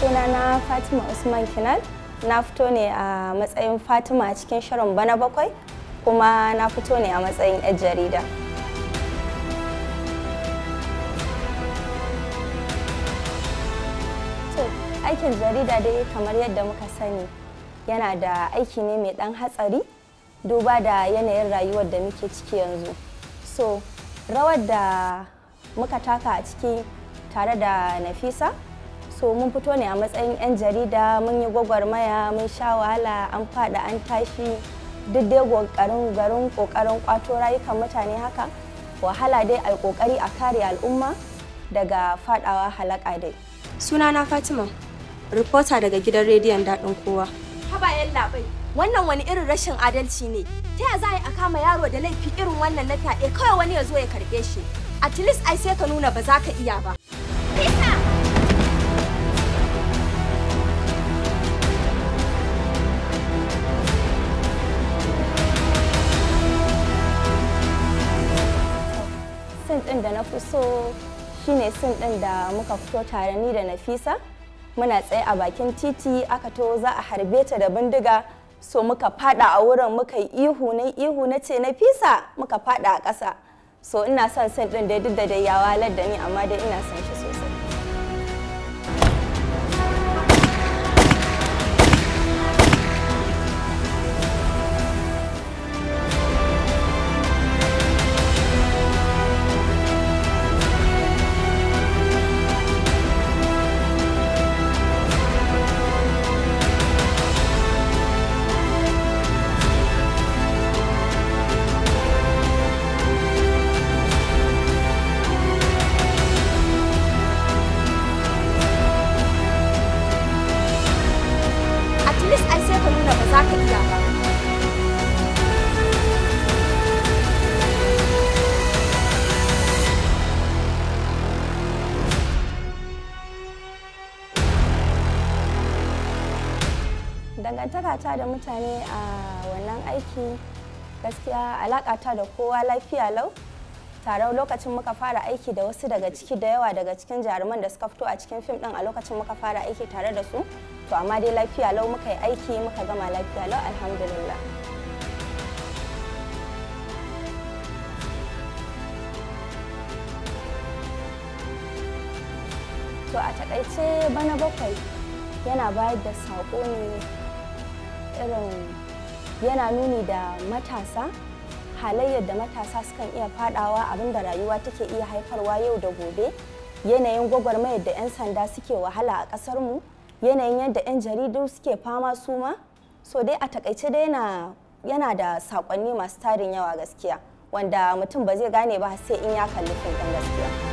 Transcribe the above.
sunana fatima usman kinal na fito ne a matsayin fatima a cikin shirin bana bakwai kuma na fito ne a matsayin 'yan jarida aikin jarida dai kamar yadda muka sani yana da aiki ne mai ɗan hatsari duba da yanayin rayuwar da muke ciki yanzu so rawar da muka taka a ciki tare da nafisa so mun fito ne a matsayin 'yan jarida mun yi gwagwarmaya mun sha wahala an fada an tashi duk dai kokarin garin kokarin kwato rayukan mutane haka wahala dai a kokari a kare al'umma daga fadawa halaka dai sunana fatima reporter daga gidan rediyon daɗin kowa haba yan labai wannan wani irin rashin adalci ne ta ya za a kama yaro da laifi irin wannan na fyaɗe kawai wani ya zo ya karɓe shi at least ai sai ka nuna ba za ka iya ba Peter! na fi so shine sin ɗin da muka fito tare ni da Nafisa. Muna tsaye a bakin titi aka to za a harbe ta da bindiga so muka fada a wurin muka yi ihu na ihu na ce Nafisa muka fada a ƙasa. So ina son sin ɗin da duk da dai ladda ni amma dai ina son shi dangantaka ta da mutane a wannan aiki gaskiya alaka ta da kowa lafiya lau tare lokacin muka fara aiki da wasu daga ciki da yawa daga cikin jaruman da suka fito a cikin fim din a lokacin muka fara aiki tare da su to amma dai lafiya lau muka yi aiki muka gama lafiya lau alhamdulillah to a takaice bana bakwai yana bayar da saƙo ne irin yana nuni da matasa halayyar da matasa sukan iya fadawa da rayuwa take iya haifarwa yau da gobe yanayin gwagwarmayar da 'yan sanda suke wahala a ƙasarmu yanayin yadda 'yan jaridu suke fama su ma so dai a takaice dai yana da saƙonni masu tarin yawa gaskiya wanda mutum ba zai gane ba sai in ya kalli fim gaskiya.